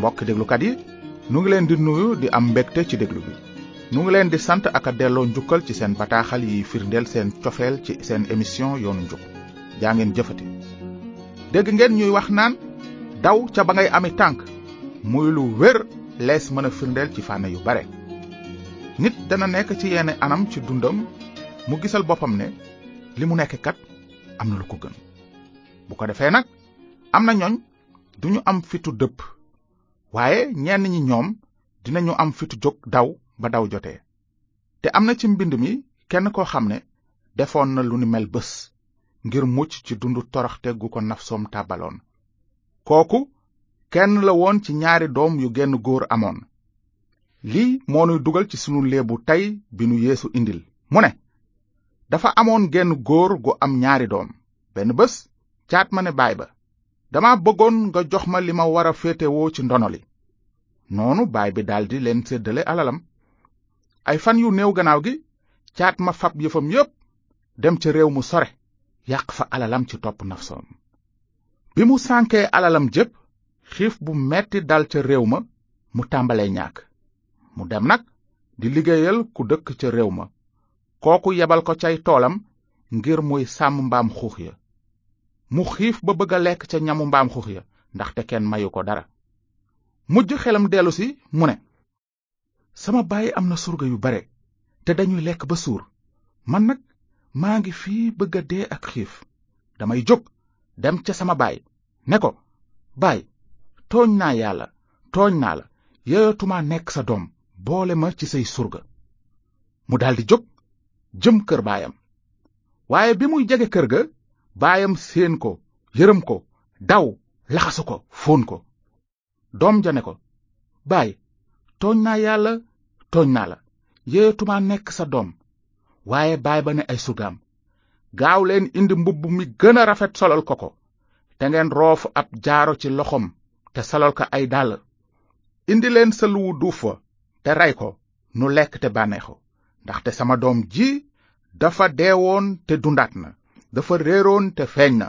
mbokk déglukat yi nu ngi leen di nuyu di am mbégte ci déglu bi nu ngi leen di sant ak a delloo njukkal ci seen bataaxal yi firndeel seen cofeel ci seen émission yoonu njub jaa ngeen jëfati dégg ngeen ñuy wax naan daw ca ba ngay ami tànk muy lu wér lees mën a firndeel ci fànn yu bare nit dana nekk ci yenn anam ci dundam mu gisal boppam ne li mu nekk kat am na lu ko gën bu ko defee nag am na ñooñ duñu am fitu dëpp waaye ñenn ñi ñoom dinañu am fitu jóg daw ba daw jotee te am na ci mbind mi kenn koo xam ne defoon na lu ni mel bés ngir mucc ci dund toroxte gu ko nafsoom tàbbaloon kooku kenn la woon ci ñaari doom yu genn góor amoon lii moo nuy dugal ci sunu léebu tey bi nu yéesu indil mu ne dafa amoon genn góor gu am ñaari doom benn bés caat ma ne baay ba dama bëggoon nga jox ma li ma war a féetewoo ci ndono li noonu baay bi daldi leen séddale alalam ay fan yu néew gannaaw gi caat ma fab yëfam yépp dem ca réew mu sore yàq fa alalam ci topp nafsoom bi mu sànkee alalam jépp xiif bu metti dal ca réew ma mu tàmbalee ñàkk mu dem nag di liggéeyal ku dëkk ca réew ma kooku yebal ko cay toolam ngir muy sàmm mbaam xuux ya mu xiif ba bëgg a lekk ca ñamu mbaam xux ya ndaxte kenn mayu ko dara mujj xelam dellusi mu ne sama baay am na surga yu bare te dañuy lekk ba suur man nag maa ngi fii bëgg a dee ak xiif damay jóg dem ca sama baay ne ko baay tooñ naa yàlla tooñ naa la yeyatuma nekk sa doom boole ma ci say surga mu daldi jóg jëm kër baayam waaye bi muy jege kër ga baayam séen ko yërëm ko daw laxasu ko fóon ko doom ja ne ko baay tooñ naa yàlla tooñ naa la yeeyatuma nekk sa doom waaye baay ba ne ay surgaam gaaw leen indi mbubb mi gën a rafet solal ko ko te ngeen roofu ab jaaro ci loxoom te solal ko ay dàll indi leen sa luwu duuf wa te rey ko nu lekk te bànneexu ndaxte sama doom ji dafa deewoon te dundaat na dafa réeroon te feeñ na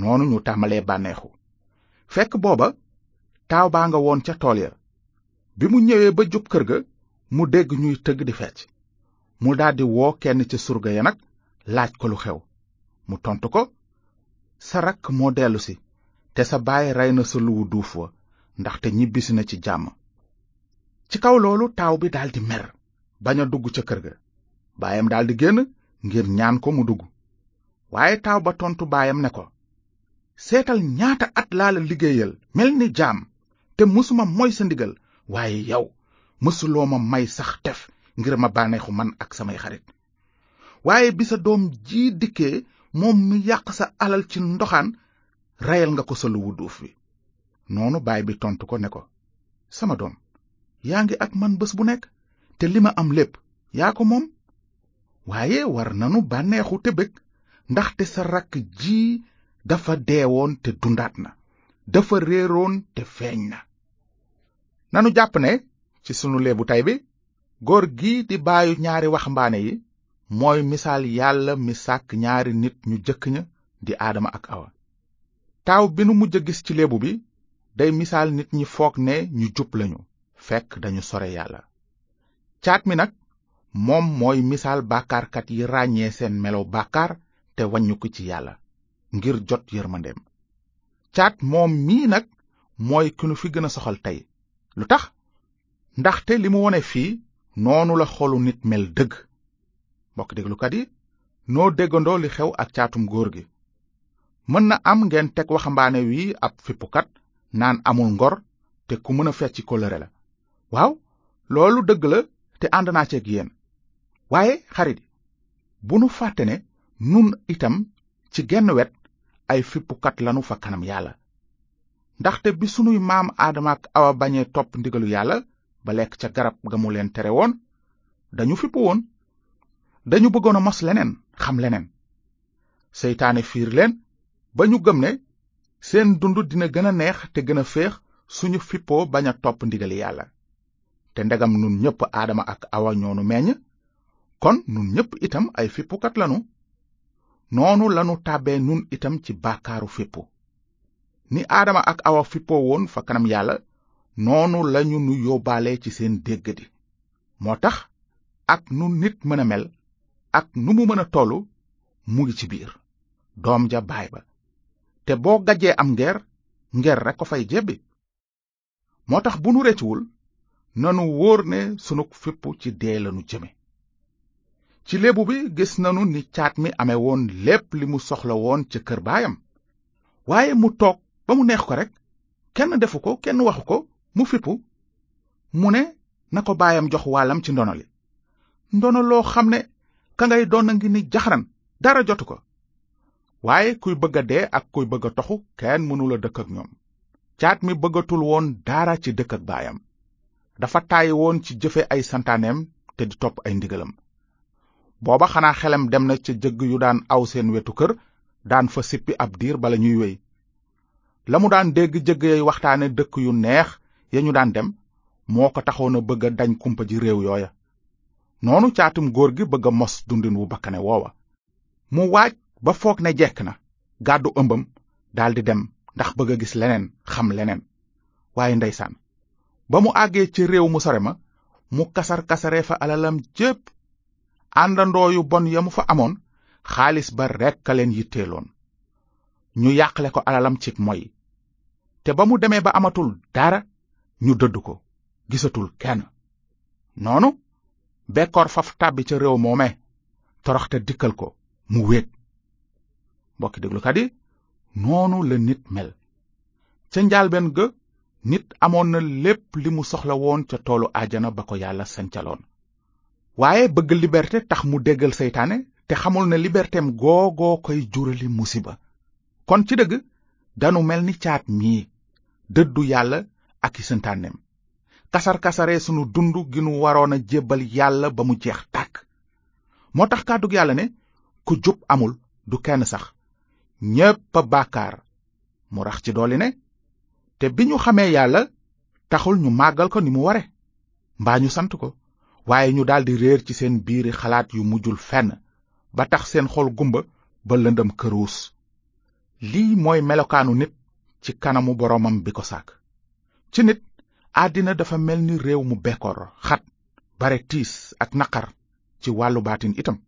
noonu ñu tàmbalee bànneexu fekk booba taaw baa nga woon ca tool ya bi mu ñëwee ba jub kër ga mu dégg ñuy tëgg di fecc mu daldi woo kenn ca surga ya nag laaj ko lu xew mu tontu ko sa rakk moo dellusi te sa baay rey na sa luwu duuf wa ndaxte ñibbisi na ci jàmm ci kaw loolu taaw bi daldi mer bañ dugg ca kër ga baayam daldi génn ngir ñaan ko mu dugg waaye taaw ba tontu baayam ne ko seetal ñaata at laa la liggéeyal mel ni jaam te mësuma moy sa ndigal waaye yow mësuloo ma may sax tef ngir ma bànneexu man ak samay xarit waaye bi sa doom jii dikkee moom mi yàq sa alal ci ndoxaan reyal nga ko sa luwu duuf bi noonu baay bi tontu ko ne ko sama doom yaa ngi ak man bés bu nekk te li ma am lépp yaa ko moom waaye war nanu bànneexu te bëgg ndaxte sa rakk ji dafa deewoon te dundaat na dafa réeroon te feeñ na nanu jàpp ne ci sunu leebu tay bi góor gi di bàyyi ñaari waxambaane yi mooy misaal yàlla mi sàkk ñaari nit ñu jëkk ña di aadama ak awa taaw bi nu mujj gis ci leebu bi day misaal nit ñi foog ne ñu jub lañu fekk dañu sore yàlla caat mi nag moom mooy misaal bàkkaarkat yi ràññee seen melow bàkkaar te waññuku ci yàlla ngir jot yërmandeem caat moom mii nag mooy ki nu fi gën a soxal tey lu tax ndaxte li mu wone fii noonu la xolu nit mel dëgg mbokk déglukat yi noo déggandoo li xew ak caatum góor gi mën na am ngeen teg waxambaane wi ab fippukat naan amul ngor te ku mën a fecc kóllëre la waaw loolu dëgg la te ànd naa ceeg yéen waaye xarit bu nu fàtte ne nun itam ci genn wet ay fippukat lanu fa kanam yàlla ndaxte bi sunuy maam aadama ak awa bañee topp ndigalu yàlla ba lekk ca garab ga mu leen tere woon dañu fippu woon dañu bëggoon a mos leneen xam leneen seytaane fiir leen ba ñu gëm ne seen dund dina gën a neex te gën a féex suñu fippoo bañ a topp ndigali yàlla te ndegam nun ñépp aadama ak awa ñoonu meññ kon nun ñépp itam ay fippukat lanu noonu lanu tàbbee nun itam ci bàkkaaru fippu ni aadama ak awa fippoo woon fa kanam yàlla noonu lañu nu yóbbaale ci seen déggadi moo tax ak nu nit mën a mel ak nu mu mën a tollu mu ngi ci biir doom ja baay ba te boo gajjee am ngeer ngeer rekk ko fay jebbi moo tax bu nu reccuwul nanu wóor ne sunug fippu ci dee lanu jëme ci léebu bi gis nanu ni caat mi ame woon lépp li mu soxla woon ca kër baayam waaye mu toog ba mu neex ko rek kenn defu ko kenn waxu ko mu fippu mu ne na ko baayam jox wàllam ci ndono li loo xam ne ka doon a ngi ni jaxaran dara jotu ko waaye kuy bëgg a dee ak kuy bëgg a toxu kenn mënula dëkk ak ñoom caat mi bëggatul woon dara ci dëkk ak baayam dafa tàyyi woon ci jëfe ay santaaneem te di topp ay ndigalam booba xanaa xelam dem na ca jëgg yu daan aw seen wetu kër daan fa sippi ab diir bala ñuy wéy la mu daan dégg jëgg yay waxtaane dëkk yu neex ya ñu daan dem moo ko taxoon a bëgg dañ kumpa ji réew yooya noonu caatum góor gi bëgg a mos dundin wu bakkane woowa mu waaj ba foog ne jekk na gàddu ëmbam daldi dem ndax bëgg a gis leneen xam leneen waaye ndeysaan ba mu àggee ci réew mu sore ma mu kasar kasare fa alalam jépp àndandoo yu bon ya mu fa amoon xaalis ba rekk a leen yitteeloon ñu yàqale ko alalam ci moy te ba mu demee ba amatul dara ñu dëdd ko gisatul kenn noonu bekkoor faf tàbbi ca réew moome toroxte dikkal ko mu wéet mbokki déglukat yi noonu la nit mel ca njaalbeen ga nit amoon na lépp li mu soxla woon ca toolu ajana ba ko yàlla sancaloon waaye bëgg liberte tax mu déggal seytaane te xamul na liberteem googoo koy jurali musiba kon ci dëgg danu mel ni caat mii dëddu yàlla ak i santaaneem kasar-kasaree sunu dund gi nu waroon a jébbal yàlla ba mu jeex tàkk moo tax kàddug yàlla ne ku jub amul du kenn sax ñépp a bàkkaar mu rax ci dooli ne te bi ñu xamee yàlla taxul ñu màggal ko ni mu ware mbaa ñu sant ko waaye ñu daldi réer ci seen biiri xalaat yu mujjul fenn ba tax seen xol gumba ba lëndam këruus lii mooy melokaanu nit ci kanamu boroomam bi ko sàkk ci nit àddina dafa mel ni réew mu bekkoor xat bare tiis ak naqar ci wàllu baatin itam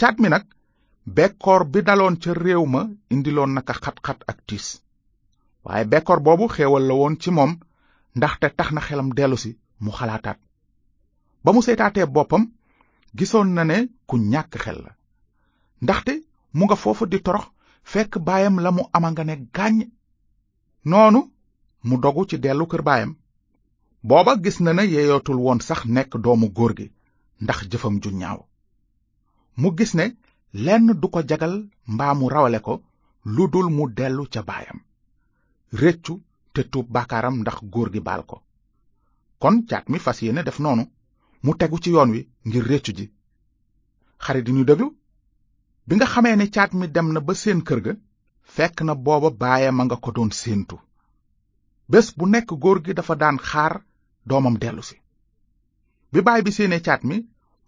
caat mi nag bekkoor bi daloon ca réew ma indiloon naka xat-xat ak tiis waaye bekkoor boobu xéewal la woon ci moom ndaxte tax na xelam dellusi mu xalaataat ba mu seetaatee boppam gisoon na ne ku ñàkk xel la ndaxte mu nga foofu di torox fekk baayam la mu ama nga ne gàññ noonu mu dogu ci dellu kër baayam booba gis na ne yeeyootul woon sax nekk doomu góor gi ndax jëfam ju ñaaw mu gis ne lenn du ko jagal mbaa rawale ko lu dul mu dellu ca baayam rëccu te tuub baakaaram ndax góor gi baal ko kon caat mi fas yéene def noonu mu tegu ci yoon wi ngir réccu ji xarit di ñu déglu bi nga xamee ne caat mi dem na ba seen kër ga fekk na booba baayam a nga ko doon séentu bés bu nekk góor gi dafa daan xaar doomam dellusi bi baay bi séenee caat mi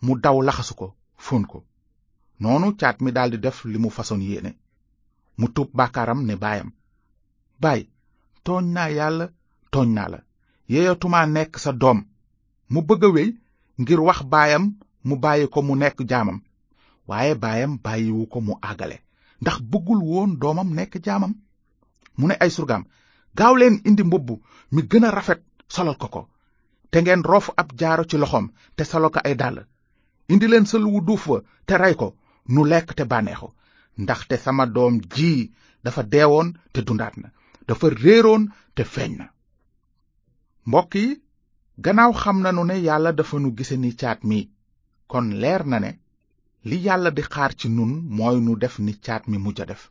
mu daw laxasu ko fóon ko noonu caat mi daldi def li mu façon yéene mu tuub baakaaram ne baayam baay tooñ naa yàlla tooñ naa la yeeyatumaa nekk sa doom mu bëgg a wéy ngir wax baayam mu bàyyi ko mu nekk jaamam waaye baayam bàyyiwu ko mu àggale ndax bëggul woon doomam nekk jaamam mu ne ay surgaam gaawleen indi mbubb mi gën a rafet solal ko ko te ngeen roof ab jaaro ci loxoom te solo ko ay dàll indi leen sël wu duuf wa te rey ko nu lekk te bànneexu ndaxte sama doom ji dafa deewoon te dundaat na dafa réeroon te feeñ na yi gannaaw xam na nanu ne yàlla dafa nu gise ni caat mii kon leer na ne li yàlla di xaar ci nun mooy nu def ni caat mi mujj a def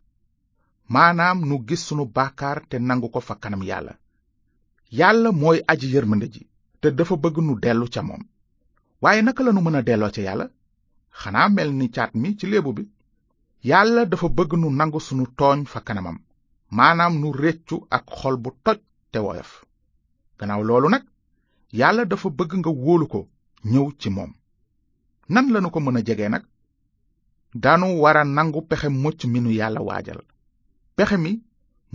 maanaam nu gis sunu baakaar te nangu ko fa kanam yàlla yàlla mooy aji yërmande ji te dafa bëgg nu dellu ca moom waaye naka lanu mën a delloo ca yàlla xanaa mel ni caat mi ci léebu bi yàlla dafa bëgg nu nangu sunu tooñ fa kanamam maanaam nu rëccu ak xol bu toj te woyof gannaaw loolu nag yàlla dafa bëgg nga wóolu ko ñëw ci moom nan lanu ko mën a jege nag daanu war a nangu pexe mucc mi nu yàlla waajal pexe mi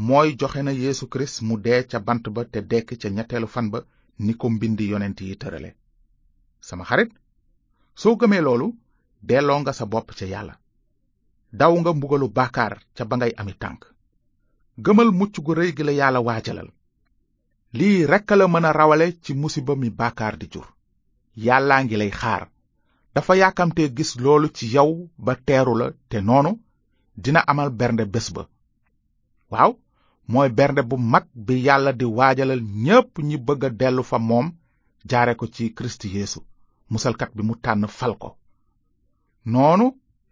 mooy joxe na Yeesu Kirist mu dee ca bant ba te dekk ca ñetteelu fan ba ni ko mbind yonent yi tërale sama xarit soo gëmee loolu delloo nga sa bopp ca yàlla daw nga mbugalu baakaar ca ba ngay ami tànk gëmal mucc gu rëy gi la yàlla waajalal lii rekk la mën a rawale ci musiba mi baakaar di jur yàllaa ngi lay xaar dafa yaakamte gis loolu ci yow ba teeru la te noonu dina amal bernde bés ba waaw mooy bernde bu mag bi yàlla di waajalal ñépp ñi bëgg a dellu fa moom jaare ko ci kirist yeesu musalkat bi mu tànn fal ko noonu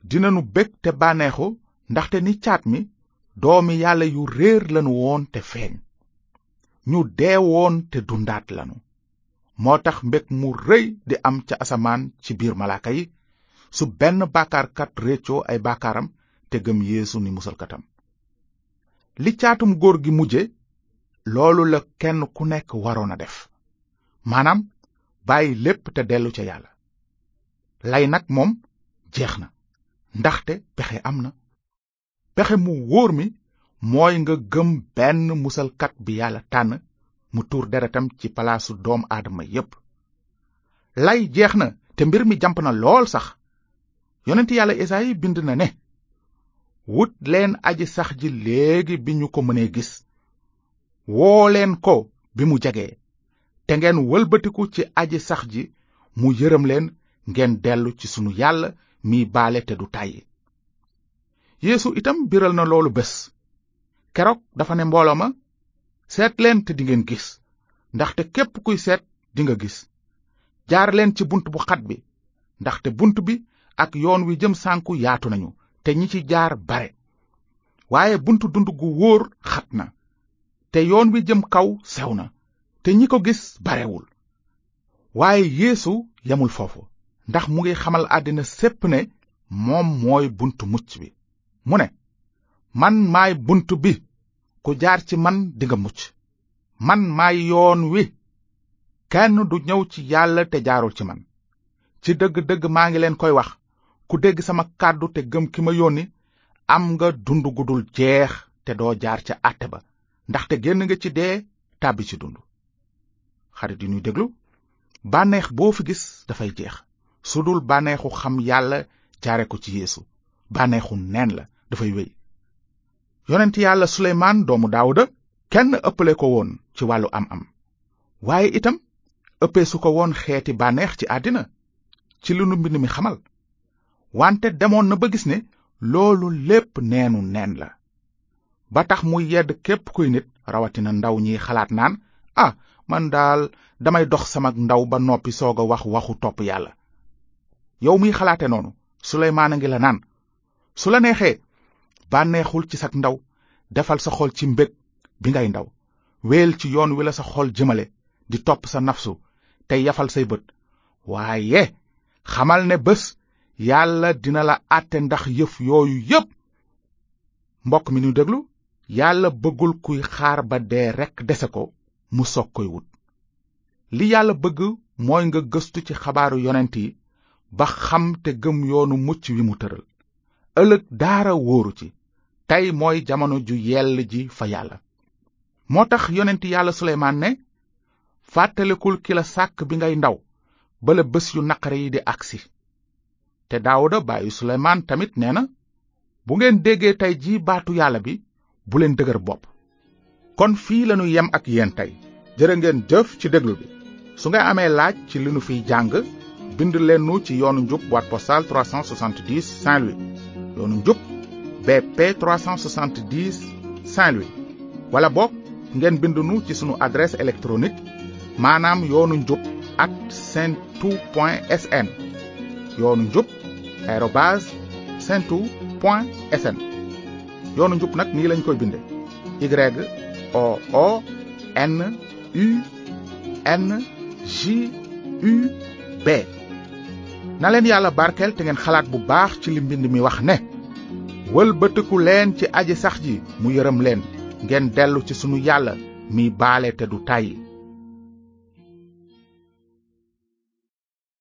dinanu bég te bànneexu ndaxte ni caat mi doomi yàlla yu réer lanu woon te feeñ ñu deewoon te du ndaat lanu moo tax mbég mu rëy di am ca asamaan ci biir malaaka yi su benn baakaarkat réccoo ay baakaaram te gëm yéesu ni musalkatam li caatum góor gi mujje loolu la kenn ku nekk waroon a def maanaam bàyyi lépp te dellu ca yàlla lay nag moom jeex na ndaxte pexe am na pexe mu wóor mi mooy nga gëm benn musalkat bi yàlla tànn mu tuur deretam ci palaasu doom aadama yépp lay jeex na te mbir mi jamp na lool sax yonent yàlla esaayi bind na ne wut leen aji sax ji léegi bi ñu ko mënee gis woo leen ko bi mu jege te ngeen wëlbatiku ci aji sax ji mu yërëm leen ngeen dellu ci sunu yàlla mii baale te du tàyyi itam biral na loolu bés keroog dafa ne mbooloo ma seet leen te dingeen gis ndaxte képp kuy seet dinga gis jaar leen ci bunt bu xat bi ndaxte bunt bi ak yoon wi jëm sànku yaatu nañu te ñi ci jaar bare waaye buntu dund gu wóor xat na te yoon wi jëm kaw sew na te ñi ko gis barewul waaye yéesu yemul foofu ndax mu ngi xamal àddina sépp ne moom mooy buntu mucc bi mu ne man maay buntu bi ku jaar ci man dinga mucc man maay yoon wi kenn du ñëw ci yàlla te jaarul ci man ci dëgg-dëgg maa ngi leen koy wax ku dégg sama kàddu te gëm ki ma yónni am nga dund gu dul jeex te doo jaar ca àtte ba ndaxte génn nga ci dee tàbbi ci dund xarit yi ñuy déglu bànneex boo fi gis dafay jeex su dul bànneexu xam yàlla jaare ko ci yeesu bànneexu neen la dafay wéy yonent yàlla suleymaan doomu daawuda kenn ëppale ko woon ci wàllu am-am waaye itam ëppee su ko woon xeeti bànneex ci àddina ci lu nu mbind mi xamal wante demoon na ba gis ne loolu lépp neenu neen la ba tax mu yedd képp kuy nit rawatina ndaw ñiy xalaat naan a ah, man daal damay dox sama ndaw ba noppi soog a wax waxu topp yàlla yow muy xalaate noonu suleymaan a ngi la naan su la neexee bànneexul ci sag ndaw defal sa xol ci mbég bi ngay ndaw weel ci yoon wi la sa xol jëmale di topp sa nafsu te yafal say bët waaye xamal ne bés yàlla dina la àtte ndax yëf yooyu yépp mbokk mi nu déglu yàlla bëggul kuy xaar ba dee rekk dese ko mu soog koy wut li yàlla bëgg mooy nga gëstu ci xabaaru yonent yi ba xam te gëm yoonu mucc wi mu tëral ëllëg daara wóoru ci tey mooy jamono ju yell ji fa yàlla moo tax yonent yàlla suleymaan ne fàttalikul ki la sàkk bi ngay ndaw bala bés yu naqare yi di agsi te daawuda baayu suleymaan tamit nee na bu ngeen déggee tey ji baatu yàlla bi bu leen dëgër bopp kon fii lanu yem ak yéen tey jërë ngeen jëf ci déglu bi su nga amee laaj ci li nu fiy jàng bind leen ci yoonu njub boîte postale 370 Saint-Louis yoonu njub BP 370 Saint-Louis wala book ngeen bind nu ci sunu adresse électronique maanaam yoonu njub at sentu point sn yoonu njub aérobase sentu point sn yoonu njub nag nii lañ koy binde Y O O N U yàlla barkeel te ngeen xalaat bu baax ci li mbind mi wax ne wëlbatiku leen ci aji sax ji mu yërëm leen ngeen dellu ci sunu yàlla mi baale te du tàyyi